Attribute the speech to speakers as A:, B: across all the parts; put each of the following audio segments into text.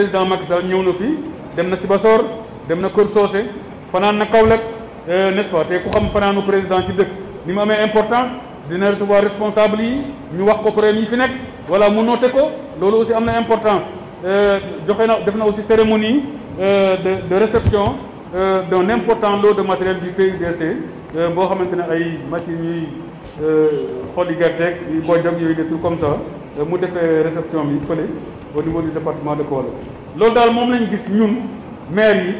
A: président Macky Sall ñëw na fi dem na Sibassor dem na Kër Socé fanaan na Kaolack euh, n'est-ce pas te ku xam fanaanu président ci dëkk ni mu amee importance dina recevoir responsable yi ñu wax ko problème yi fi nekk voilà mu noté ko loolu aussi am na importance euh, joxe na def na aussi cérémonie euh, de de réception euh, d'un important lot de matériel du PUDC euh, boo xamante ne ay machines yuy xolli gerteeg yuy bojjag yooyu des tout comme ça mu defee réception bi fële au niveau du département de Kaolack loolu daal moom lañu gis ñun maire yi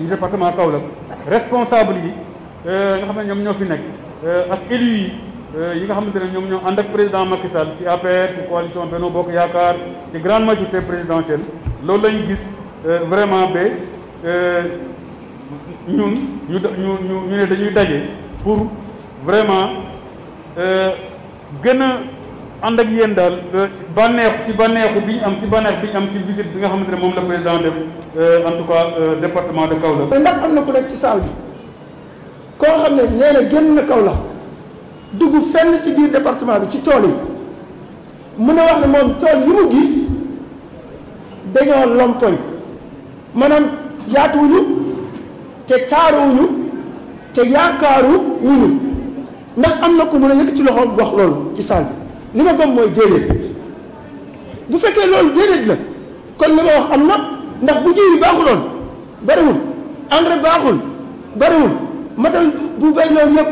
A: du département de Kaolack responsable yi nga xam ne ñoom ñoo fi nekk ak élus yi yi nga xamante ne ñoom ñoo ànd ak président Macky Sall ci APR ci coalition Benno Bokk Yaakaar ci grande majorité présidentielle loolu lañu gis vraiment ba ñun ñu pour vraiment gën ànd ak yéen daal bànneexu ci bànneexu bi ñu am ci bànneex bi ñu am ci visite bi nga xamante ne moom la président def euh, en tout cas euh, département de Kaolack.
B: ndax am na ku nekk ci salle bi koo xam ne nee na génn na kaw la dugg fenn ci biir département bi ci tool yi mën a wax ne moom tool yi mu gis dañoo lompoñ maanaam yaatuwuñu te taaruwuñu te yaakaaru wuñu ndax am na ku mën a yëkk ci loxoom wax loolu ci saal bi. li ma gëm mooy déedéet bu fekkee loolu déedéet la kon li ma wax am na ndax bu jiw yi baaxuloon bariwul engrais baaxul bariwul matal bu bay loolu yëpp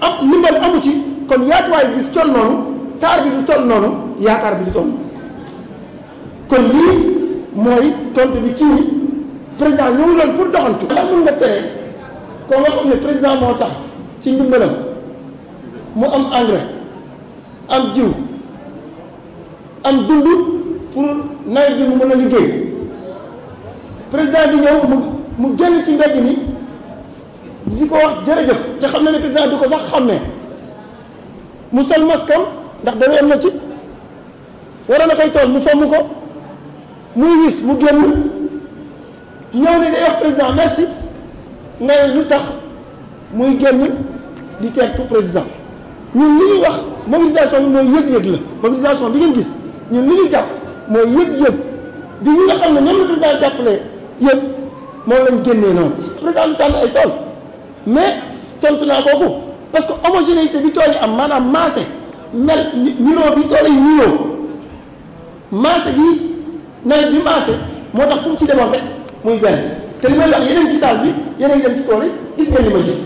B: am ndimbal amu ci kon yaatuwaay bi du toll noonu taar bi du toll noonu yaakaar bi du toll kon lii mooy tontu bi ci président ñu ngi doon pour doxantu. ndax mun nga tere ko nga xam ne président moo tax ci ndimbalam mu am engrais am jiw. am dund pour nawet bi mu mën a liggéey président bi ñëw mu mu génn ci mbedd mi di ko wax jërëjëf te xam na ne président du ko sax xam ne mu sol maskam ndax dareem na ci waroon na koy tool mu fomm ko muy wis mu génn ñëw ne day wax président merci ngay lu tax muy génn di teertu président ñun li ñuy wax mobilisation bi mooy yëg-yëg la mobilisation bi ngeen gis ñu li ñu jàpp mooy yëg-yëg di ñi nga xam ne ñoom la président jàppale yëg moom lañ génnee noonu. président ay tool mais tontu naa kooku parce que homogénéité bi tool am maanaam maase mel niroo bi tool yi niroo maase bi nawet bi maase moo tax fu ci demoon rek muy benn te li may wax yeneen ci salle bi yeneen dem ci tool yi gis nga ñu ma gis.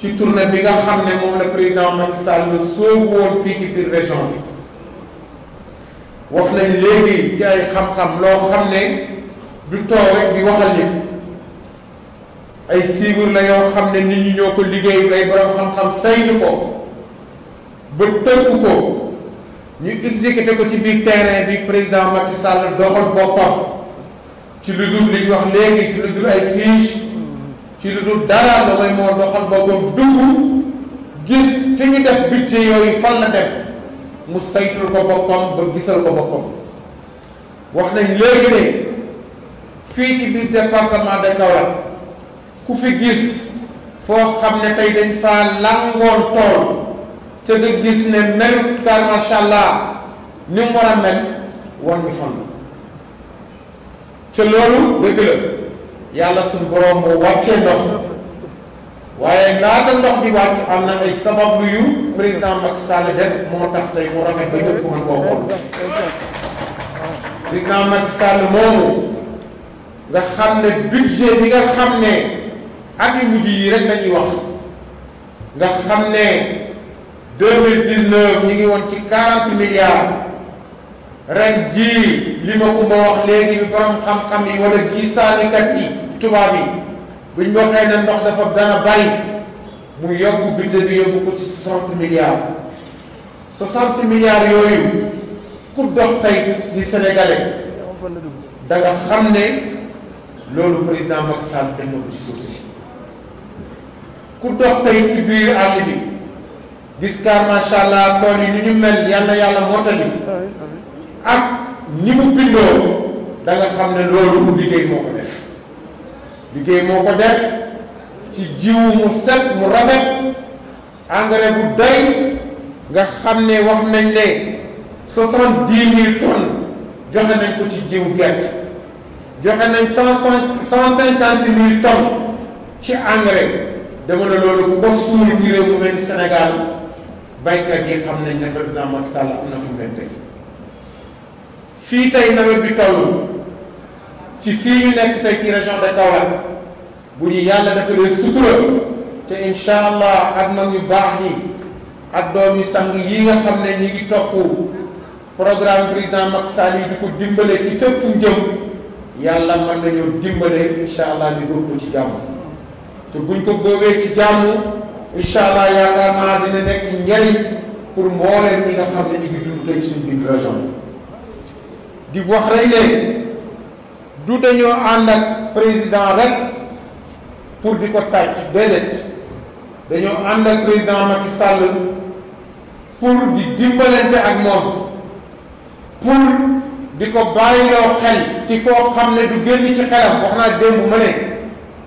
B: ci tournée bi nga xam ne moom la président Macky Sall soobu woon fii ci biir région bi. wax nañ léegi ci ay xam-xam loo xam ne du toog rek di waxal nit ay siibur la yoo xam ne nit ñi ñoo ko liggéey ay borom xam-xam saytu ko ba tënk ko ñu exécuté ko ci biir terrain bi président Macky Sall doxal boppam ci lu dul li wax léegi ci lu dul ay fiche ci lu dul dara la mooy moo doxal boppam dugg gis fi ñu def budget yooyu fan la dem mu saytul ko boppam ba gisal ko boppam wax nañ léegi ne fii ci biir département de Kaolack ku fi gis foo xam ne tey dañ faa langoon tool te nga gis ne melut kar macha allah ni mu a mel wan ñu fan ca loolu dëgg la yàlla suñu borom moo wàccee ndox waaye laata ndox di wàcc am na ay sabab yu président Macky Sall def moo tax tey mu rafet ba ñëpp mën koo xool président Macky Sall moomu nga xam ne budget bi nga xam ne at yu mujj yi rek la wax nga xam ne deux mille ñu ngi woon ci quarante milliards ren jii li ma wax léegi bi borom xam-xam yi wala gisaanikat yi tubaab yi. buñ bokkee na ndox dafa dana bari mu yokk budget bi yóbbu ko ci soixante milliards soixante milliards yooyu ku dox tey di sénégalais da nga xam ne loolu président Macky Sall teg na ko ci suuf si ku dox tey ci biir àll bi gis kaa macha allah tool yi ni ñu mel yàlla yàlla mottali ak ni mu bindoo da xam ne loolu mu liggéey moo ko def. liggéey moo ko def ci jiw mu set mu rafet engrais bu doy nga xam ne wax nañ ne soixante-dix mille tonnes joxe nañ ko ci jiw gerte joxe nañ cent cinquante mille tonnes ci engrais dama ne loolu bu ko suul ci réew mu mel ni xam nañ ne président Macky Sall am na fu mu leen teg fii tey nawet bi tollu ci fii ñu nekk tey ci région de Kaolack bu ñu yàlla defalee sutura te incha allah ak mag ñu baax yi ak doomi sang yi nga xam ne ñu ngi topp programme président Macky Sall yi di ko dimbale ci fépp fu mu jëm yàlla mën nañu dimbale incha allah ñu góob ko ci jàmm te buñ ko góobee ci jàmm incha allah yaakaar naa dina nekk njëriñ pour mbooleem ñi nga xam ne ñu ngi dund tey suñu biir région di wax rek ne. du dañoo ànd ak président rek pour di ko tàcc déedéet dañoo ànd ak président Macky Sall pour di dimbalante ak moom pour di ko bàyyiloo xel ci foo xam ne du génn ci xelam wax naa démb ma ne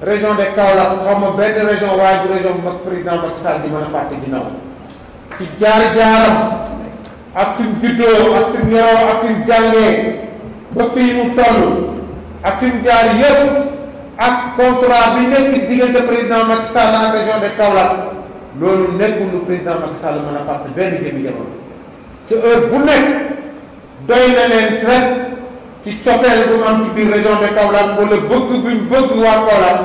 B: région de Kaolack xaw ma benn région waaye région bu mag président Macky Sall di mën a fàtte ginnaaw ci jaar-jaaram ak fi mu juddoo ak fi mu yoroo ak fi mu jàngee ba fii mu toll. ak fi jaar yëpp ak contrat bi nekk diggante président Macky Sall ak région de Kaolack loolu nekkul lu président Macky Sall mën a fàtte benn jëmi jamono te heure bu nekk doy na leen rek ci cofeel bu mu am ci biir région de Kaolack wala bëgg buñ bëgg waa Kaolack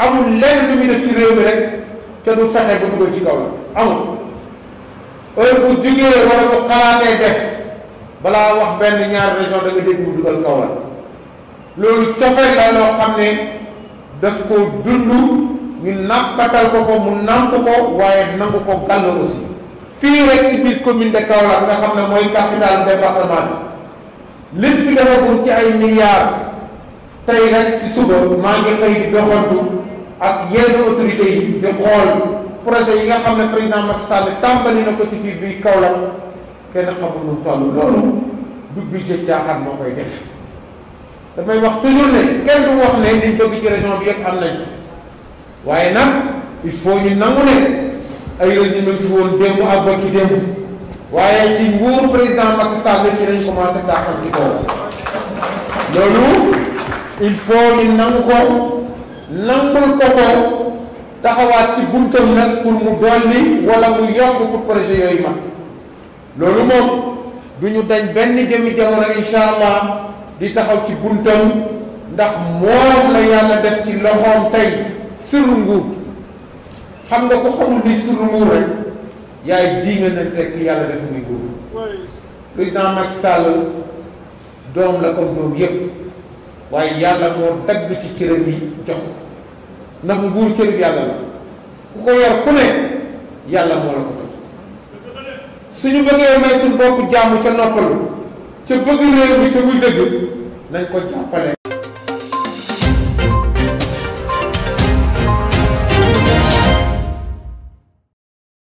B: amul lenn lu ñu def ci réew mi rek te du fexe ba dugal ci Kaolack amul heure bu jugee wala bu xalaatee def balaa wax benn ñaar région da dégg mu dugal Kaolack loolu cofeel la loo xam ne daf ko dund ñu nàmpatal ko ko mu nàmp ko waaye nangu ko gàll aussi fii rek ci biir commune de Kaolack nga xam ne mooy capitale département bi lépp fi defagum ci ay milliards tey rek si suba maa ngi xëy di doxantu ak yenn autorités yi di xool projet yi nga xam ne président Macky Sall tàmbali na ko ci fii biir Kaolack kenn xamul lu toll loolu du budget caaxaan moo koy def damay wax toujours ne kenn du wax ne liñ bëgg ci région bi yëpp am nañ waaye nag il faut ñu nangu ne ay régime lañ woon démb ak bokki démb waaye ci nguuru président Macky Sall ci lañ commencé daaxal ci kaw loolu il faut ñu nangu ko nangul ko ko taxawaat ci buntam nag pour mu dolli wala mu yokk pour yooyu mag loolu moom du ñu dañ benn jëmi jamono incha allah li taxaw ci buntam ndax moom la yàlla def ci loxoom tey sirru nguur xam nga ko xamul ni sirru nguur rek yaay diinga na tekk yàlla def muy nguur président Macky Sall doom la ko doom yépp waaye yàlla moo dagg ci cëram yi jox ndax nguur cërib yàlla la ku ko yor ku ne yàlla moo la ko jox suñu bëggee may suñu bopp jàmm ca noppalu ca bëgg réew mi ca muy dëgg nañ ko jàppale